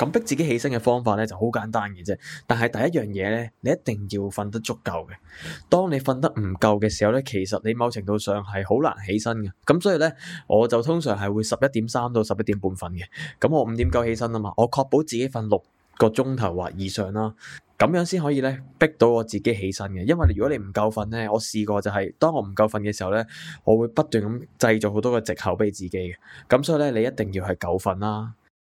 咁逼自己起身嘅方法咧就好簡單嘅啫，但係第一樣嘢咧，你一定要瞓得足夠嘅。當你瞓得唔夠嘅時候咧，其實你某程度上係好難起身嘅。咁所以咧，我就通常係會十一點三到十一點半瞓嘅。咁我五點九起身啊嘛，我確保自己瞓六個鐘頭或以上啦，咁樣先可以咧逼到我自己起身嘅。因為如果你唔夠瞓咧，我試過就係、是、當我唔夠瞓嘅時候咧，我會不斷咁製造好多嘅藉口俾自己嘅。咁所以咧，你一定要係夠瞓啦。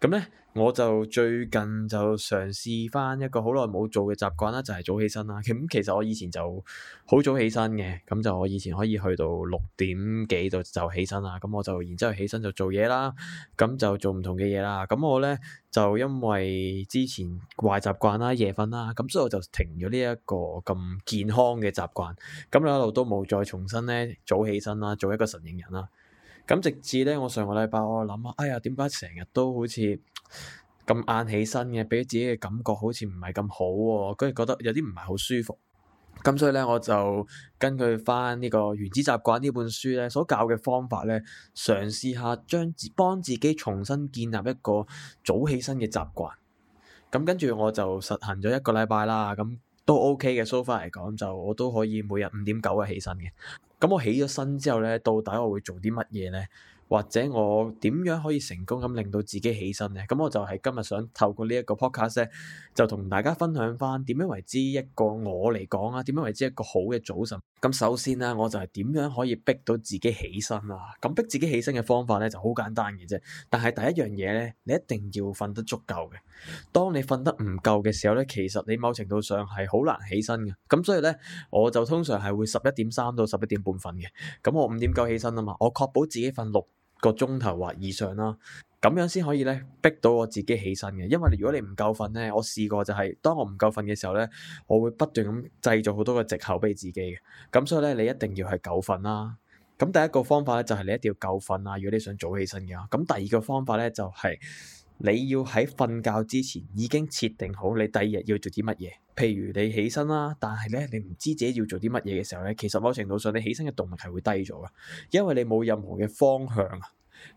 咁咧，我就最近就嘗試翻一個好耐冇做嘅習慣啦，就係、是、早起身啦。咁其實我以前就好早起身嘅，咁就我以前可以去到六點幾度就起身啦。咁我就然之後起身就做嘢啦，咁就做唔同嘅嘢啦。咁我咧就因為之前壞習慣啦、夜瞓啦，咁所以我就停咗呢一個咁健康嘅習慣。咁我一路都冇再重新咧早起身啦，做一個晨型人啦。咁直至咧，我上個禮拜我諗下，哎呀，點解成日都好似咁晏起身嘅，俾自己嘅感覺好似唔係咁好喎，跟住覺得有啲唔係好舒服。咁所以咧，我就根據翻呢個《原子習慣》呢本書咧所教嘅方法咧，嘗試下將幫自己重新建立一個早起身嘅習慣。咁跟住我就實行咗一個禮拜啦，咁都 OK 嘅。So far 嚟講，就我都可以每日五點九啊起身嘅。咁我起咗身之後咧，到底我會做啲乜嘢咧？或者我點樣可以成功咁令到自己起身咧？咁我就係今日想透過呢一個 podcast 咧就同大家分享翻點樣為之一個我嚟講啊，點樣為之一個好嘅早晨。咁首先咧，我就係點樣可以逼到自己起身啦？咁逼自己起身嘅、啊、方法呢就好簡單嘅啫。但係第一樣嘢呢，你一定要瞓得足夠嘅。當你瞓得唔夠嘅時候呢，其實你某程度上係好難起身嘅。咁所以呢，我就通常係會十一點三到十一點半瞓嘅。咁我五點九起身啊嘛，我確保自己瞓六個鐘頭或以上啦，咁樣先可以咧逼到我自己起身嘅。因為如果你唔夠瞓咧，我試過就係，當我唔夠瞓嘅時候咧，我會不斷咁製造好多嘅借口俾自己嘅。咁所以咧，你一定要係夠瞓啦。咁第一個方法咧就係你一定要夠瞓啦。如果你想早起身嘅，咁第二個方法咧就係。你要喺瞓覺之前已經設定好你第二日要做啲乜嘢，譬如你起身啦，但係咧你唔知自己要做啲乜嘢嘅時候咧，其實某程度上你起身嘅動力係會低咗㗎，因為你冇任何嘅方向啊。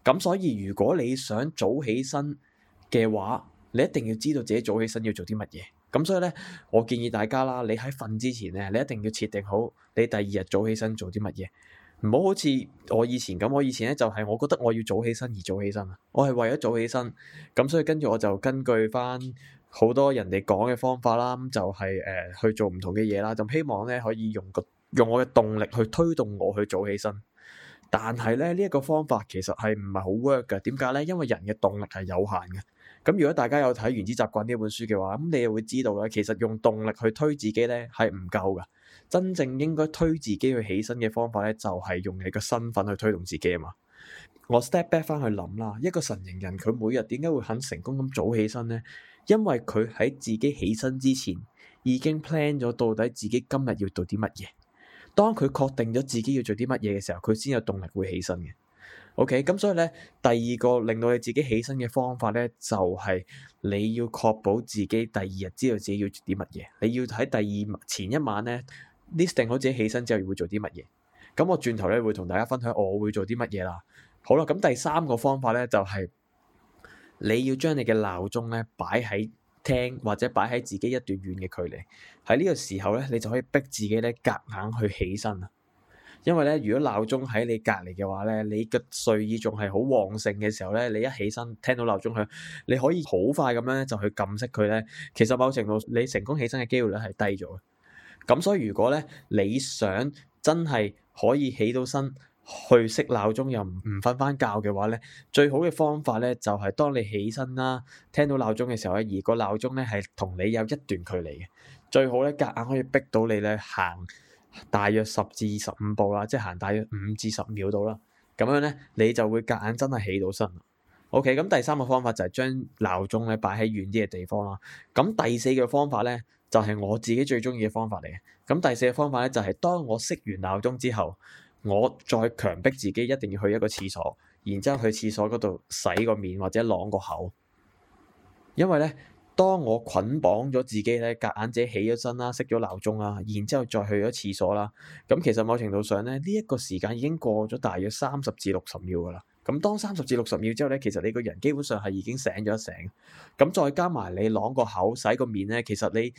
咁所以如果你想早起身嘅話，你一定要知道自己早起身要做啲乜嘢。咁所以咧，我建議大家啦，你喺瞓之前咧，你一定要設定好你第二日早起身做啲乜嘢。唔好好似我以前咁，我以前咧就係我覺得我要早起身而早起身啊，我係為咗早起身，咁所以跟住我就根據翻好多人哋講嘅方法啦，就係、是、誒去做唔同嘅嘢啦，就希望咧可以用個用我嘅動力去推動我去早起身，但係咧呢一、這個方法其實係唔係好 work 㗎，點解咧？因為人嘅動力係有限嘅。咁如果大家有睇《原子習慣》呢本書嘅話，咁你又會知道啦。其實用動力去推自己咧係唔夠嘅，真正應該推自己去起身嘅方法咧，就係用你個身份去推動自己啊嘛。我 step back 翻去諗啦，一個神形人佢每日點解會肯成功咁早起身咧？因為佢喺自己起身之前已經 plan 咗到底自己今日要做啲乜嘢。當佢確定咗自己要做啲乜嘢嘅時候，佢先有動力會起身嘅。O K，咁所以咧，第二個令到你自己起身嘅方法咧，就係你要確保自己第二日知道自己要做啲乜嘢。你要喺第二前一晚咧，list 定好自己起身之後要會做啲乜嘢。咁我轉頭咧會同大家分享我會做啲乜嘢啦。好啦，咁第三個方法咧就係你要將你嘅鬧鐘咧擺喺廳或者擺喺自己一段遠嘅距離。喺呢個時候咧，你就可以逼自己咧夾硬去起身啊！因為咧，如果鬧鐘喺你隔籬嘅話咧，你嘅睡意仲係好旺盛嘅時候咧，你一起身聽到鬧鐘響，你可以好快咁樣就去撳熄佢咧。其實某程度你成功起身嘅機會率係低咗嘅。咁所以如果咧你想真係可以起到身去熄鬧鐘又唔瞓翻覺嘅話咧，最好嘅方法咧就係當你起身啦，聽到鬧鐘嘅時候咧，而個鬧鐘咧係同你有一段距離嘅，最好咧夾硬可以逼到你咧行。大約十至二十五步啦，即係行大約五至十秒到啦，咁樣咧你就會夾硬真係起到身。OK，咁第三個方法就係將鬧鐘咧擺喺遠啲嘅地方啦。咁第四個方法咧就係、是、我自己最中意嘅方法嚟嘅。咁第四個方法咧就係、是、當我熄完鬧鐘之後，我再強迫自己一定要去一個廁所，然之後去廁所嗰度洗個面或者啷個口，因為咧。當我捆綁咗自己咧，隔硬者起咗身啦，熄咗鬧鐘啦，然之後再去咗廁所啦，咁其實某程度上咧，呢一個時間已經過咗大約三十至六十秒噶啦。咁當三十至六十秒之後咧，其實你個人基本上係已經醒咗一醒。咁再加埋你啷個口、洗個面咧，其實你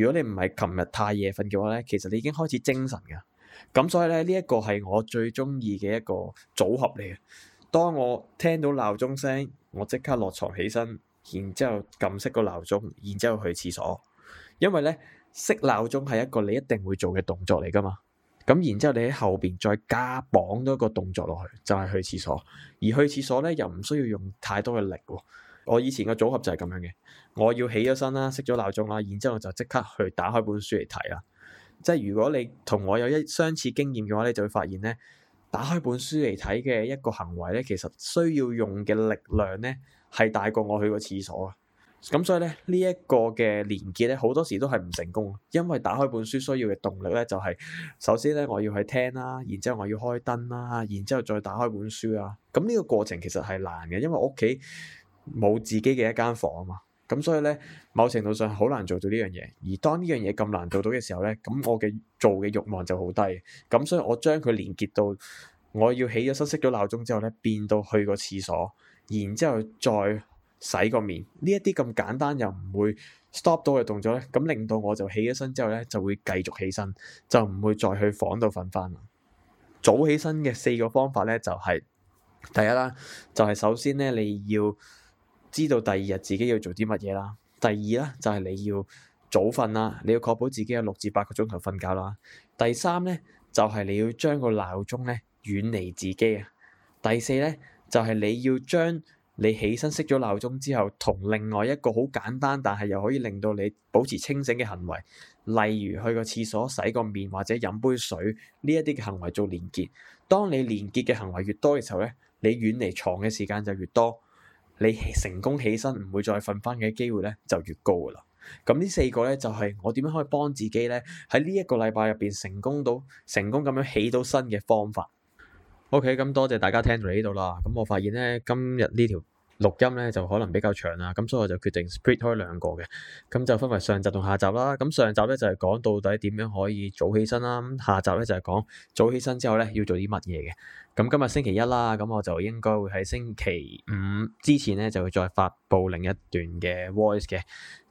如果你唔係琴日太夜瞓嘅話咧，其實你已經開始精神噶。咁所以咧，呢一個係我最中意嘅一個組合嚟嘅。當我聽到鬧鐘聲，我即刻落床起身。然之後撳熄個鬧鐘，然之後去廁所，因為咧熄鬧鐘係一個你一定會做嘅動作嚟噶嘛。咁然之後你喺後邊再加綁多個動作落去，就係去廁所。而去廁所咧又唔需要用太多嘅力喎。我以前嘅組合就係咁樣嘅，我要起咗身啦，熄咗鬧鐘啦，然之後就即刻去打開本書嚟睇啦。即係如果你同我有一相似經驗嘅話咧，你就會發現咧打開本書嚟睇嘅一個行為咧，其實需要用嘅力量咧，係大過我去個廁所啊！咁所以咧，呢一個嘅連結咧，好多時都係唔成功啊！因為打開本書需要嘅動力咧，就係首先咧，我要去聽啦，然之後我要開燈啦，然之後再打開本書啊！咁呢個過程其實係難嘅，因為屋企冇自己嘅一間房啊嘛！咁所以咧，某程度上好難做到呢樣嘢。而當呢樣嘢咁難做到嘅時候咧，咁我嘅做嘅慾望就好低。咁所以我將佢連結到。我要起咗身熄咗鬧鐘之後咧，變到去個廁所，然之後再洗個面。呢一啲咁簡單又唔會 stop 到嘅動作咧，咁令到我就起咗身之後咧，就會繼續起身，就唔會再去房度瞓翻啦。早起身嘅四個方法咧，就係第一啦，就係首先咧，你要知道第二日自己要做啲乜嘢啦。第二啦，就係你要早瞓啦，你要確保自己有六至八個鐘頭瞓覺啦。第三咧，就係你要將個鬧鐘咧。遠離自己啊！第四呢，就係、是、你要將你起身熄咗鬧鐘之後，同另外一個好簡單但係又可以令到你保持清醒嘅行為，例如去個廁所、洗個面、或者飲杯水呢一啲嘅行為做連結。當你連結嘅行為越多嘅時候呢，你遠離床嘅時間就越多，你成功起身唔會再瞓翻嘅機會呢就越高噶啦。咁呢四個呢，就係、是、我點樣可以幫自己呢？喺呢一個禮拜入邊成功到成功咁樣起到身嘅方法。OK，咁多謝大家聽到呢度啦。咁我發現呢，今日呢條錄音呢就可能比較長啦，咁所以我就決定 split 開兩個嘅，咁就分為上集同下集啦。咁上集呢就係、是、講到底點樣可以早起身啦，下集呢就係、是、講早起身之後呢要做啲乜嘢嘅。咁今日星期一啦，咁我就應該會喺星期五之前呢就會再發佈另一段嘅 voice 嘅。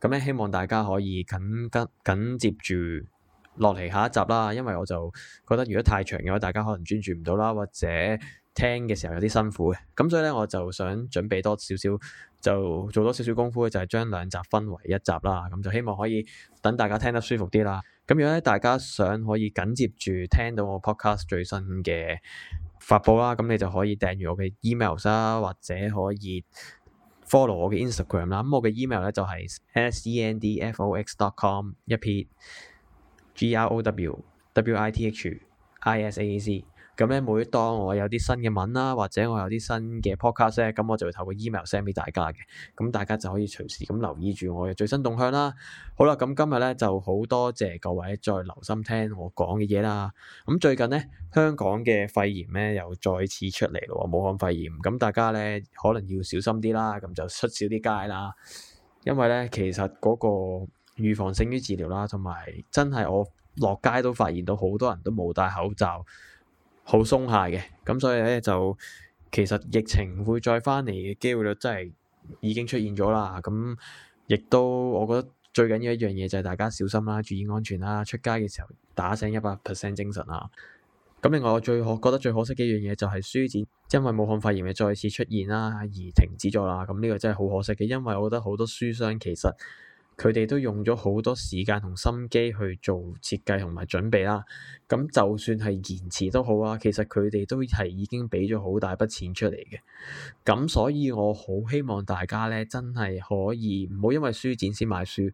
咁呢希望大家可以緊跟緊，緊接住。落嚟下，下一集啦，因為我就覺得如果太長嘅話，大家可能專注唔到啦，或者聽嘅時候有啲辛苦嘅。咁所以咧，我就想準備多少少就做多少少功夫，就係、是、將兩集分為一集啦。咁就希望可以等大家聽得舒服啲啦。咁如果咧，大家想可以緊接住聽到我 podcast 最新嘅發布啦，咁你就可以訂閱我嘅 email 啦，或者可以 follow 我嘅 Instagram 啦。咁我嘅 email 咧就係 sendfox.com 一撇。G R O W W I T H I S A A C，咁咧每當我有啲新嘅文啦，或者我有啲新嘅 podcast 咧，咁我就會透過 email send 俾大家嘅，咁大家就可以隨時咁留意住我嘅最新動向啦。好啦，咁今日咧就好多謝各位再留心聽我講嘅嘢啦。咁最近咧香港嘅肺炎咧又再次出嚟啦，喎，武漢肺炎，咁大家咧可能要小心啲啦，咁就出少啲街啦，因為咧其實嗰、嗰個。預防勝於治療啦，同埋真係我落街都發現到好多人都冇戴口罩，好鬆懈嘅。咁所以咧就，其實疫情會再翻嚟嘅機會率真係已經出現咗啦。咁亦都我我，我覺得最緊要一樣嘢就係大家小心啦，注意安全啦，出街嘅時候打醒一百 percent 精神啊。咁另外我最可覺得最可惜嘅一樣嘢就係書展，因為武漢肺炎嘅再次出現啦，而停止咗啦。咁呢個真係好可惜嘅，因為我覺得好多書商其實。佢哋都用咗好多時間同心機去做設計同埋準備啦，咁就算係延遲都好啊，其實佢哋都係已經畀咗好大筆錢出嚟嘅，咁所以我好希望大家咧真係可以唔好因為書展先買書，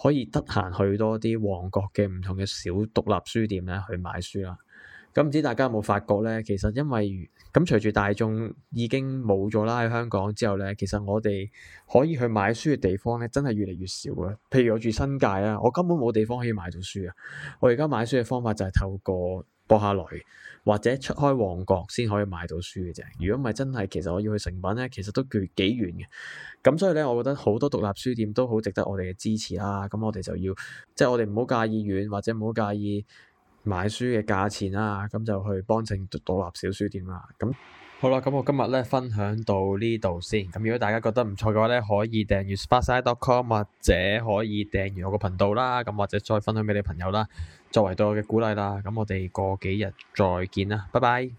可以得閒去多啲旺角嘅唔同嘅小獨立書店咧去買書啦。咁唔知大家有冇發覺咧，其實因為。咁隨住大眾已經冇咗啦，喺香港之後咧，其實我哋可以去買書嘅地方咧，真係越嚟越少啦。譬如我住新界啊，我根本冇地方可以買到書啊。我而家買書嘅方法就係透過博客來或者出開旺角先可以買到書嘅啫。如果唔係真係，其實我要去誠品咧，其實都幾幾遠嘅。咁所以咧，我覺得好多獨立書店都好值得我哋嘅支持啦。咁我哋就要即係、就是、我哋唔好介意遠，或者唔好介意。買書嘅價錢啦、啊，咁就去幫襯獨立小書店啦。咁好啦，咁我今日咧分享到呢度先。咁如果大家覺得唔錯嘅話咧，可以訂閱 Spasite.com，a s 或者可以訂閱我個頻道啦。咁或者再分享俾你朋友啦，作為對我嘅鼓勵啦。咁我哋過幾日再見啦，拜拜。